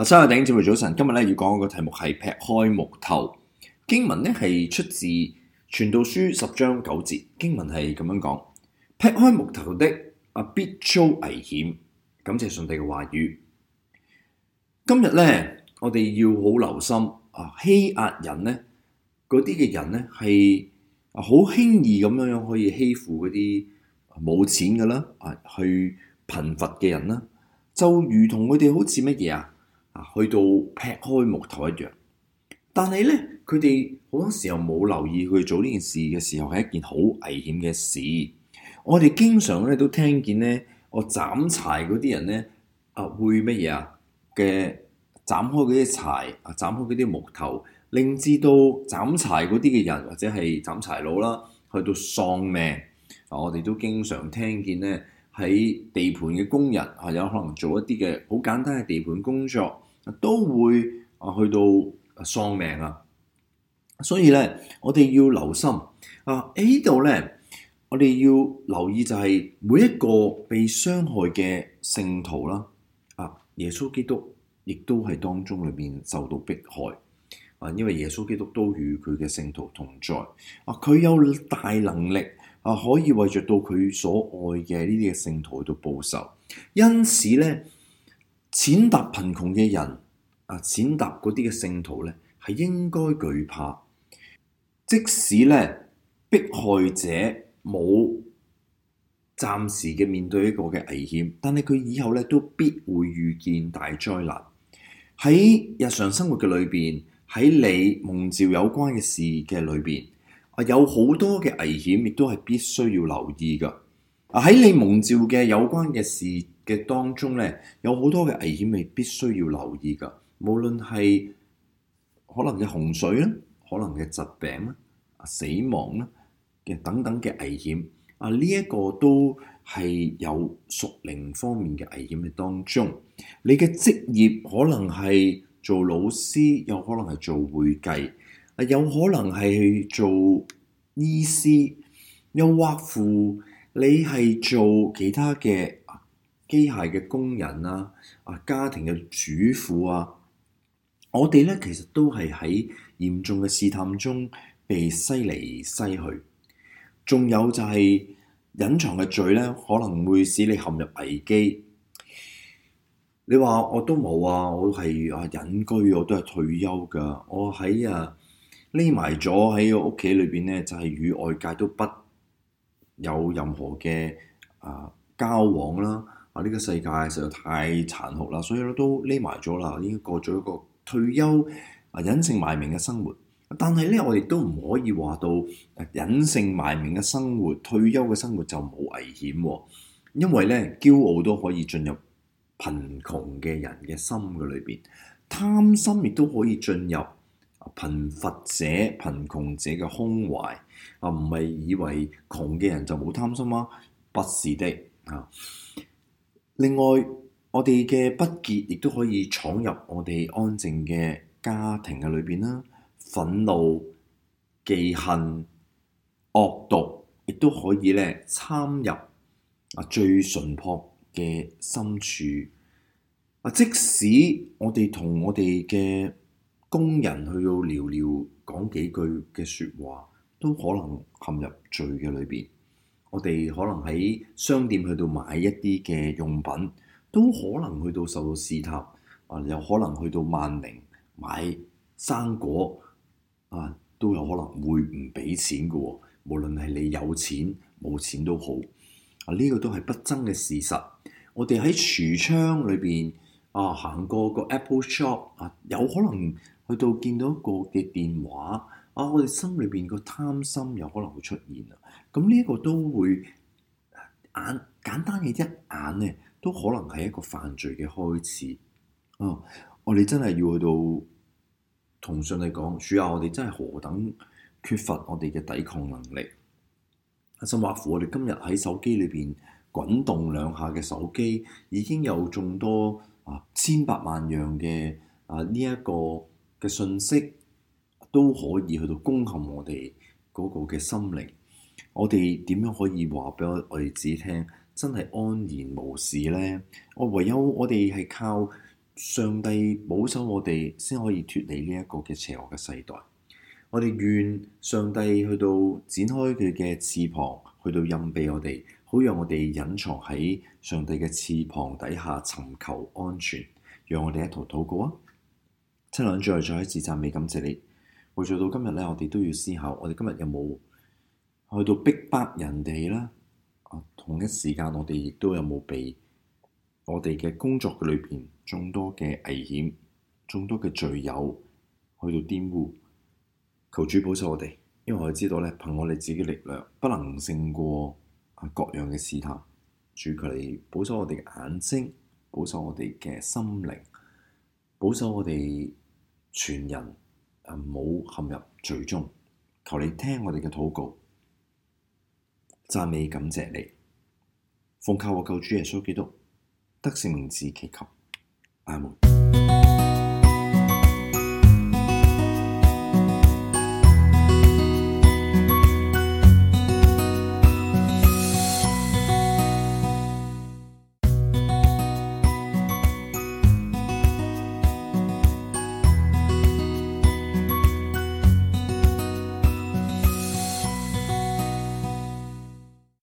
啊，收下頂，諸位早晨。今日咧要講嘅題目係劈開木頭。經文咧係出自傳道書十章九節。經文係咁樣講：劈開木頭的啊，必遭危險。感謝上帝嘅話語。今日咧，我哋要好留心啊，欺壓人咧，嗰啲嘅人咧係啊好輕易咁樣樣可以欺負嗰啲冇錢㗎啦，啊去貧乏嘅人啦，就如同佢哋好似乜嘢啊？去到劈開木頭一樣，但係咧，佢哋好多時候冇留意去做呢件事嘅時候，係一件好危險嘅事。我哋經常咧都聽見咧，我斬柴嗰啲人咧啊，會乜嘢啊嘅斬開嗰啲柴啊，斬開嗰啲木頭，令至到斬柴嗰啲嘅人或者係斬柴佬啦，去到喪命啊！我哋都經常聽見咧，喺地盤嘅工人係有可能做一啲嘅好簡單嘅地盤工作。都會啊去到喪命啊，所以咧我哋要留心啊呢度咧，我哋要留意就係每一個被傷害嘅聖徒啦，啊耶穌基督亦都喺當中裏面受到迫害啊，因為耶穌基督都與佢嘅聖徒同在啊，佢有大能力啊，可以為着到佢所愛嘅呢啲嘅聖徒去到報仇，因此咧。踐踏貧窮嘅人，啊，踐踏嗰啲嘅聖徒咧，係應該懼怕。即使咧迫害者冇暫時嘅面對呢個嘅危險，但係佢以後咧都必會遇見大災難。喺日常生活嘅裏邊，喺你蒙召有關嘅事嘅裏邊，啊，有好多嘅危險，亦都係必須要留意噶。啊，喺你蒙召嘅有關嘅事嘅當中咧，有好多嘅危險，你必須要留意㗎。無論係可能嘅洪水啦，可能嘅疾病啦，啊，死亡啦，嘅等等嘅危險啊，呢、這、一個都係有屬靈方面嘅危險喺當中。你嘅職業可能係做老師，有可能係做會計，啊，有可能係做醫師，又或乎你係做其他嘅。機械嘅工人啦，啊，家庭嘅主婦啊，我哋咧其實都係喺嚴重嘅試探中被篩嚟篩去，仲有就係隱藏嘅罪咧，可能會使你陷入危機。你話我都冇啊，我係啊隱居，我都係退休噶，我喺啊匿埋咗喺屋企裏邊咧，就係、是、與外界都不有任何嘅啊交往啦。啊！呢、這個世界實在太殘酷啦，所以我都匿埋咗啦，已經過咗一個退休啊隱姓埋名嘅生活。但係呢，我哋都唔可以話到、啊、隱姓埋名嘅生活、退休嘅生活就冇危險、啊，因為呢，驕傲都可以進入貧窮嘅人嘅心嘅裏邊，貪心亦都可以進入貧乏者、貧窮者嘅胸懷。啊，唔係以為窮嘅人就冇貪心啊？不是的啊！另外，我哋嘅不潔亦都可以闖入我哋安靜嘅家庭嘅裏邊啦。憤怒、忌恨、惡毒，亦都可以咧參入啊最純樸嘅深處。啊，即使我哋同我哋嘅工人去到聊聊講幾句嘅説話，都可能陷入罪嘅裏邊。我哋可能喺商店去到買一啲嘅用品，都可能去到受到試探，啊，有可能去到萬寧買生果，啊，都有可能會唔俾錢嘅喎。無論係你有錢冇錢都好，啊，呢個都係不爭嘅事實。我哋喺櫥窗裏邊啊，行過個 Apple Shop 啊，有可能去到見到一個嘅電話。啊、哦！我哋心裏邊個貪心有可能會出現啊！咁呢一個都會眼簡單嘅一眼咧，都可能係一個犯罪嘅開始。哦！我哋真係要去到同上帝講，主啊！我哋真係何等缺乏我哋嘅抵抗能力。甚至乎我哋今日喺手機裏邊滾動兩下嘅手機，已經有眾多啊千百萬樣嘅啊呢一、這個嘅信息。都可以去到攻陷我哋嗰個嘅心靈，我哋點樣可以話俾我哋子聽，真係安然無事咧？我唯有我哋係靠上帝保守我哋，先可以脫離呢一個嘅邪惡嘅世代。我哋願上帝去到展開佢嘅翅膀，去到蔭蔽我哋，好讓我哋隱藏喺上帝嘅翅膀底下尋求安全。讓我哋一同禱告啊！親鄰再再一次讚美感謝你。去做到今日咧，我哋都要思考，我哋今日有冇去到逼迫人哋咧，啊？同一時間，我哋亦都有冇被我哋嘅工作嘅裏邊眾多嘅危險、眾多嘅罪友去到玷污？求主保守我哋，因為我哋知道咧，憑我哋自己力量不能勝過啊各樣嘅試探。主佢哋保守我哋嘅眼睛，保守我哋嘅心靈，保守我哋全人。啊！冇陷入罪中，求你聽我哋嘅禱告，讚美感謝你，奉靠我救主耶穌基督得勝名字祈求，阿門。